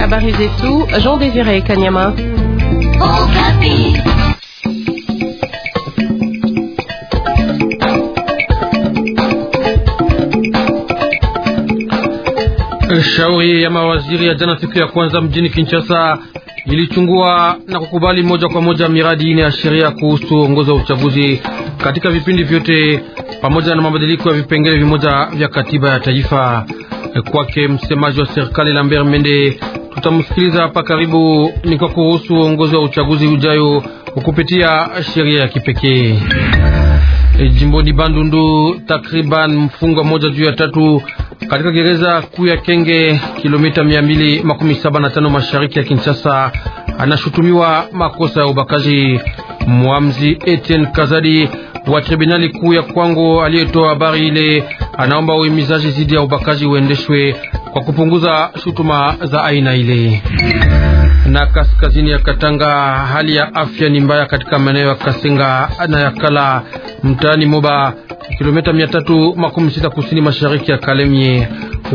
Habari zetu Jean Désiré Kanyama. Okapi. Shauri ya mawaziri ya jana siku ya kwanza mjini Kinshasa ilichungua na kukubali moja kwa moja miradi ine ya sheria kuhusu ongoza wa uchaguzi katika vipindi vyote pamoja na mabadiliko ya vipengele vimoja vya katiba ya taifa kwake msemaji wa serikali Lambert Mende. Tutamsikiliza hapa karibu, ni kwa kuhusu uongozi wa uchaguzi ujayo kupitia sheria ya kipekee. E, Jimboni Bandundu, takriban mfungwa moja juu ya tatu katika gereza kuu ya Kenge, kilomita 275 mashariki ya Kinshasa, anashutumiwa makosa ya ubakaji. Mwamzi Etienne Kazadi wa tribunali kuu ya Kwango aliyetoa habari ile anaomba uhimizaji zidi ya ubakaji uendeshwe kwa kupunguza shutuma za aina ile. Na kaskazini ya Katanga, hali ya afya ni mbaya katika maeneo ya Kasenga na ya Kala mtaani Moba, kilomita sita kusini mashariki ya Kalemie.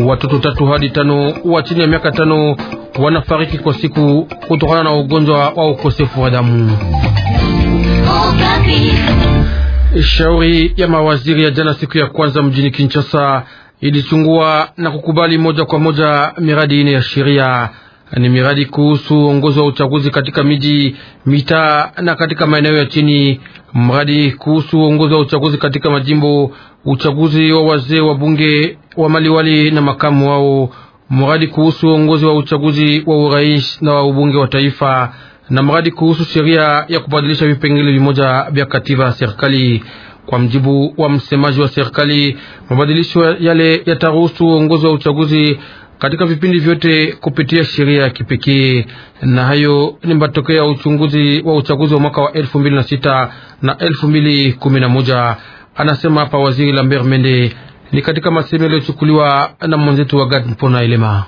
Watoto tatu hadi tano wa chini ya miaka tano wanafariki kwa siku kutokana na ugonjwa wa ukosefu wa damu. Shauri ya mawaziri ya jana siku ya kwanza mjini Kinshasa ilichungua na kukubali moja kwa moja miradi ine ya sheria. Ni miradi kuhusu uongozi wa uchaguzi katika miji, mitaa na katika maeneo ya chini, mradi kuhusu uongozi wa uchaguzi katika majimbo, uchaguzi wa wazee wa bunge, wa maliwali na makamu wao, mradi kuhusu uongozi wa uchaguzi wa urais na wa ubunge wa taifa na mradi kuhusu sheria ya kubadilisha vipengele vimoja vya katiba ya serikali. Kwa mjibu wa msemaji wa serikali, mabadilisho yale yataruhusu uongozi wa uchaguzi katika vipindi vyote kupitia sheria ya kipekee, na hayo ni matokeo ya uchunguzi wa uchaguzi wa mwaka wa mbili na moja anasema hapa waziri Lambert Mende. Ni katika masemo yaliyochukuliwa na mwenzetu wa Gad Mpona Elema.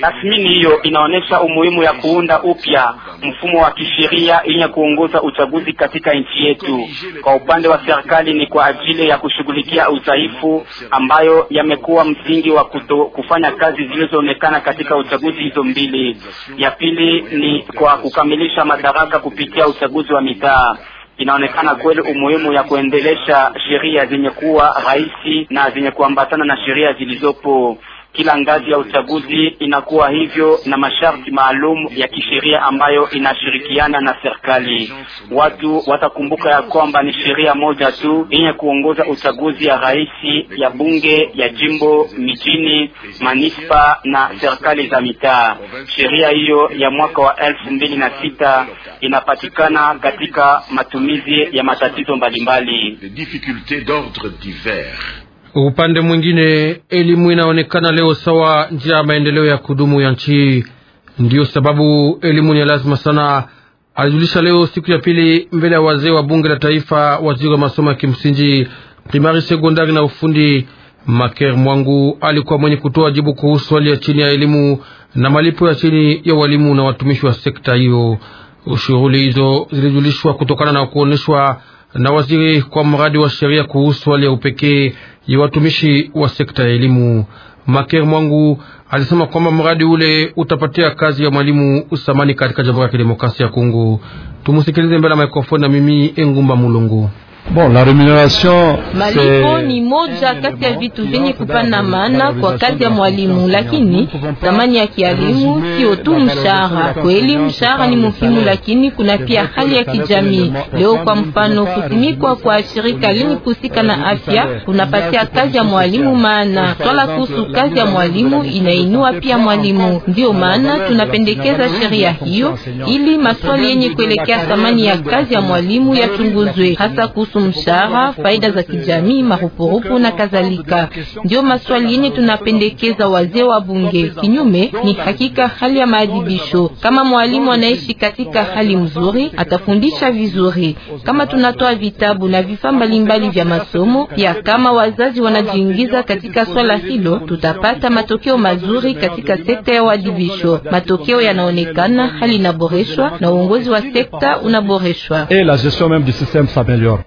Tathmini hiyo inaonyesha umuhimu ya kuunda upya mfumo wa kisheria yenye kuongoza uchaguzi katika nchi yetu. Kwa upande wa serikali, ni kwa ajili ya kushughulikia udhaifu ambayo yamekuwa msingi wa kuto, kufanya kazi zilizoonekana katika uchaguzi hizo mbili. Ya pili ni kwa kukamilisha madaraka kupitia uchaguzi wa mitaa inaonekana kweli umuhimu ya kuendelesha sheria zenye kuwa rahisi na zenye kuambatana na sheria zilizopo. Kila ngazi ya uchaguzi inakuwa hivyo na masharti maalum ya kisheria ambayo inashirikiana na serikali. Watu watakumbuka ya kwamba ni sheria moja tu yenye kuongoza uchaguzi ya rais, ya bunge, ya jimbo, mijini, manispa na serikali za mitaa. Sheria hiyo ya mwaka wa elfu mbili na sita inapatikana katika matumizi ya matatizo mbalimbali. Upande mwingine, elimu inaonekana leo sawa njia ya maendeleo ya kudumu ya nchi. Ndiyo sababu elimu ni lazima sana, alijulisha leo siku ya pili mbele ya wazee wa bunge la taifa waziri wa masomo ya kimsingi, primari, sekondari na ufundi. Maker Mwangu alikuwa mwenye kutoa jibu kuhusu ya chini ya elimu na malipo ya chini ya walimu na watumishi wa sekta hiyo. Shughuli hizo zilijulishwa kutokana na kuonyeshwa na waziri kwa mradi wa sheria kuhusu hali ya upekee ya watumishi wa sekta ya elimu. Maker Mwangu alisema kwamba mradi ule utapatia kazi ya mwalimu usamani katika Jamhuri ya Kidemokrasia ya Kongo. Tumusikilize mbele ya mikrofoni na mimi Engumba Mulongo. Bon, la remuneration malipo ni moja kati ya vitu vyenye kupana maana kwa kazi ya mwalimu, lakini thamani ya kialimu sio tu mshahara. Kweli mshahara ni muhimu, lakini kuna pia hali ya kijamii. Leo kwa mfano, kusimikwa kwa shirika lenye kuhusika na afya kunapatia kazi ya mwalimu maana. Swala kuhusu kazi ya mwalimu inainua pia mwalimu, ndiyo maana tunapendekeza sheria hiyo ili maswali yenye kuelekea thamani ya kazi ya mwalimu yachunguzwe hasa kuhusu mshahara, faida za kijamii, marupurupu na kadhalika. Ndio maswali yenye tunapendekeza wazee wa bunge. Kinyume ni hakika hali ya maadhibisho. Kama mwalimu anaishi katika hali mzuri, atafundisha vizuri. Kama tunatoa vitabu na vifaa mbalimbali vya masomo, pia kama wazazi wanajiingiza katika swala hilo, tutapata matokeo mazuri katika sekta ya uadhibisho. Matokeo yanaonekana, hali inaboreshwa na uongozi wa sekta unaboreshwa. Et la gestion même du système s'améliore.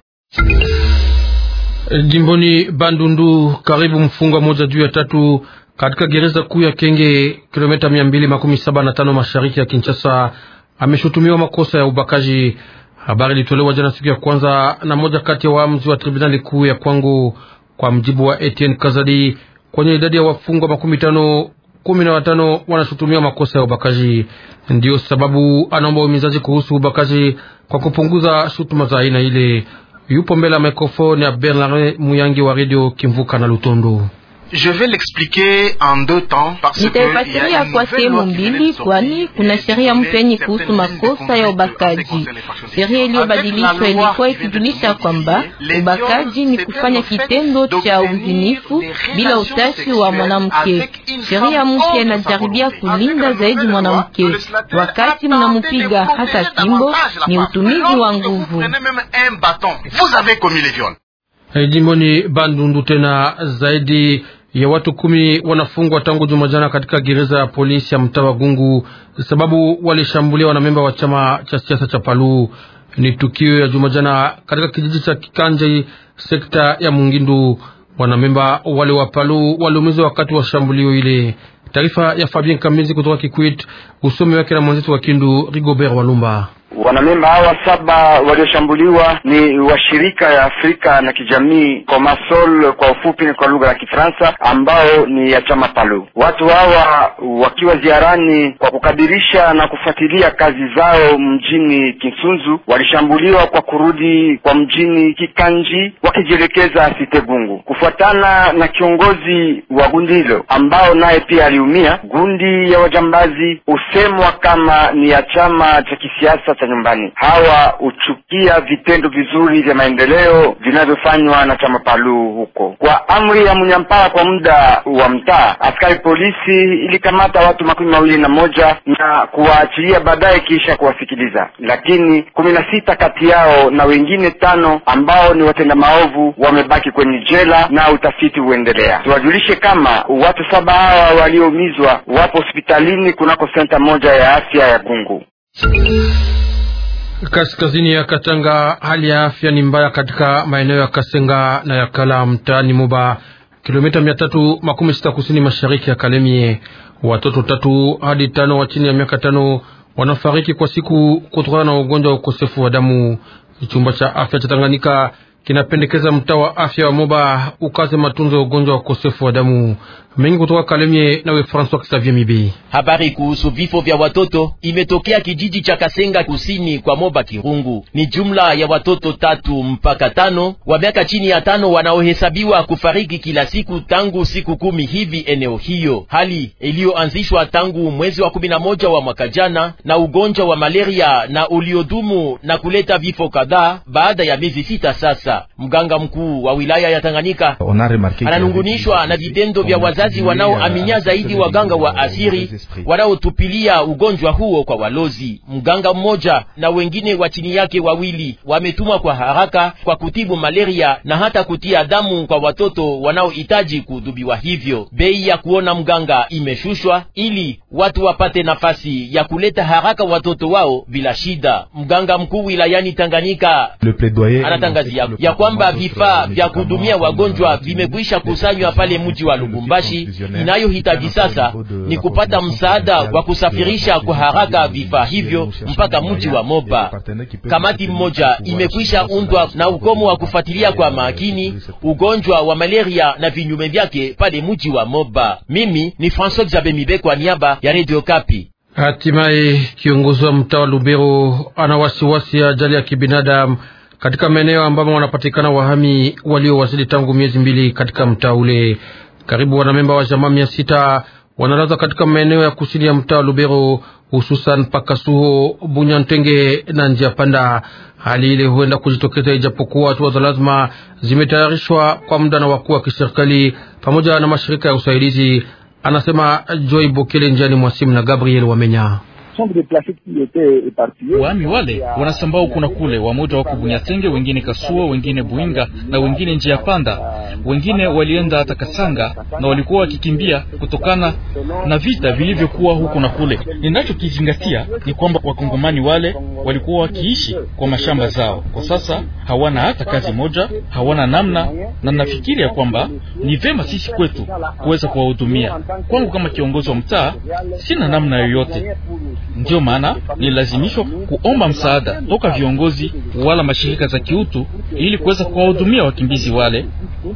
Jimboni Bandundu, karibu mfungwa moja juu ya tatu katika gereza kuu ya Kenge, kilomita mia mbili makumi saba na tano mashariki ya Kinshasa, ameshutumiwa makosa ya ubakaji. Habari ilitolewa jana siku ya kwanza na moja kati ya waamuzi wa tribunali kuu ya Kwangu. Kwa mjibu wa Etienne Kazadi, kwenye idadi ya wafungwa makumi tano kumi na watano wanashutumiwa makosa ya ubakaji. Ndiyo sababu anaomba uimizaji kuhusu ubakaji kwa kupunguza shutuma za aina ile yupo mbele ya mikrofoni ya Bernard Muyangi wa Radio Kimvuka na Lutondo. Nitaifasiria kwa sehemu mbili, kwani kuna sheria mpya yenye kuhusu makosa ya ubakaji. Sheria iliyobadilishwa ilikuwa ikijulisha kwamba ubakaji ni kufanya kitendo cha uzinifu bila utashi wa mwanamke. Sheria mpya inajaribia kulinda zaidi mwanamke, wakati mnamupiga hasa kimbo, ni utumizi wa nguvu. Eh, jimboni Bandundu tena zaidi ya watu kumi wanafungwa tangu Jumajana katika gereza ya polisi ya mtaa wa Gungu sababu walishambulia wanamemba wa chama cha siasa cha Palu. Ni tukio ya Jumajana katika kijiji cha Kikanji, sekta ya Mungindu. Wanamemba wale wa Palu waliumizwa wakati wa shambulio ile. Taarifa ya Fabien Kamizi kutoka Kikwit, usomi wake na mwenzetu wa Kindu Rigobert Walumba. Wanamemba hawa saba walioshambuliwa ni washirika ya Afrika na kijamii comasol kwa ufupi ni kwa lugha ya Kifaransa, ambao ni ya chama Palu. Watu hawa wakiwa ziarani kwa kukadirisha na kufuatilia kazi zao mjini Kinsunzu, walishambuliwa kwa kurudi kwa mjini Kikanji wakijielekeza Sitegungu. Kufuatana na kiongozi wa gundi hilo ambao naye pia aliumia, gundi ya wajambazi husemwa kama ni ya chama cha kisiasa hata nyumbani. Hawa huchukia vitendo vizuri vya maendeleo vinavyofanywa na chama Palu huko. Kwa amri ya mnyampara kwa muda wa mtaa, askari polisi ilikamata watu makumi mawili na moja na kuwaachilia baadaye kisha kuwasikiliza, lakini kumi na sita kati yao na wengine tano ambao ni watenda maovu wamebaki kwenye jela na utafiti huendelea. Tuwajulishe kama watu saba hawa walioumizwa wapo hospitalini kunako senta moja ya afya ya Gungu. Kaskazini ya Katanga, hali ya afya ni mbaya katika maeneo ya Kasenga na ya Kala mtaani Moba, kilomita mia tatu makumi sita kusini mashariki ya Kalemie. Watoto tatu hadi tano wa chini ya miaka tano wanafariki kwa siku kutokana na ugonjwa wa ukosefu wa damu. Chumba cha afya cha Tanganyika kinapendekeza mtaa wa afya wa Moba ukaze matunzo ya ugonjwa wa ukosefu wa damu mengi kutoka Kalemie. Nawe François Xavier Mibi. Habari kuhusu vifo vya watoto imetokea kijiji cha Kasenga kusini kwa Moba Kirungu. Ni jumla ya watoto tatu mpaka tano wa miaka chini ya tano wanaohesabiwa kufariki kila siku tangu siku kumi hivi eneo hiyo, hali iliyoanzishwa tangu mwezi wa kumi na moja wa mwaka jana na ugonjwa wa malaria na uliodumu na kuleta vifo kadhaa baada ya miezi sita sasa. Tanganyika. Mganga mkuu wa wilaya ya Tanganyika ananungunishwa na vitendo vya wazazi wanaoaminia zaidi waganga wa asiri wanaotupilia ugonjwa huo kwa walozi. Mganga mmoja na wengine wa chini yake wawili wametumwa kwa haraka kwa kutibu malaria na hata kutia damu kwa watoto wanaohitaji kudhubiwa Hivyo bei ya kuona mganga imeshushwa ili watu wapate nafasi ya kuleta haraka watoto wao bila shida. Mganga mkuu wilayani Tanganyika anatangazia ya kwamba vifaa vya kuhudumia wagonjwa vimekwisha kusanywa pale mji wa Lubumbashi. Inayohitaji sasa ni kupata msaada wa kusafirisha kwa haraka vifaa hivyo mpaka mji wa Moba. Kamati mmoja imekwisha undwa na ukomo wa kufuatilia kwa makini ugonjwa wa malaria na vinyume vyake pale mji wa Moba. Mimi ni François Xavier Mibe kwa niaba ya Radio Kapi. Hatimaye kiongozi wa mtaa wa Lubero ana wasiwasi ajali ya kibinadamu katika maeneo ambamo wanapatikana wahami waliowasili tangu miezi mbili katika mtaa ule. Karibu wanamemba wa jamaa mia sita wanalaza katika maeneo ya kusini ya mtaa wa Lubero, hususan Pakasuho, Bunyantenge na njia panda. Hali ile huenda kujitokeza ijapokuwa hatua za lazima zimetayarishwa kwa muda na wakuu wa kiserikali pamoja na mashirika ya usaidizi, anasema Joy Bokele njiani mwasimu na Gabriel Wamenya. Waami wale huku na kule wamoja wako Bunyatenge, wengine Kasua, wengine Buinga na wengine njia panda. Wengine walienda hata Kasanga na walikuwa wakikimbia kutokana na vita vilivyokuwa huko na kule. Ninachokizingatia ni kwamba wakongomani wale walikuwa wakiishi kwa mashamba zao, kwa sasa hawana hata kazi moja, hawana namna, na nafikiri ya kwamba ni vema sisi kwetu kuweza kuwahudumia. Kwangu kama kiongozi wa mtaa, sina namna yoyote Ndiyo maana nililazimishwa kuomba msaada toka viongozi wala mashirika za kiutu ili kuweza kuwahudumia wakimbizi wale.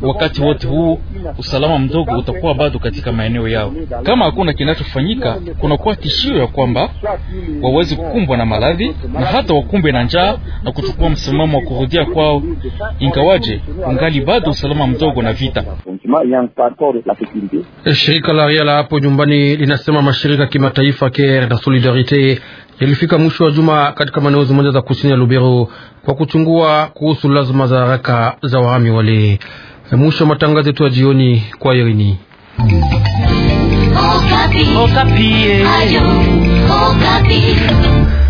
Wakati wote huu usalama mdogo utakuwa bado katika maeneo yao. Kama hakuna kinachofanyika, kunakuwa tishio ya kwamba waweze kukumbwa na maradhi na hata wakumbe na njaa na kuchukua msimamo wa kurudia kwao, ingawaje ungali bado usalama mdogo na vita. Shirika la Riala hapo nyumbani linasema mashirika kimataifa Care na Solidarite Sake yalifika mwisho wa juma katika maeneo moja za kusini ya Lubero kwa kuchungua kuhusu lazima za haraka za wahami wale. Mwisho wa matangazo yetu ya jioni kwa Irini. Okapi. Oh, Okapi. Oh, eh.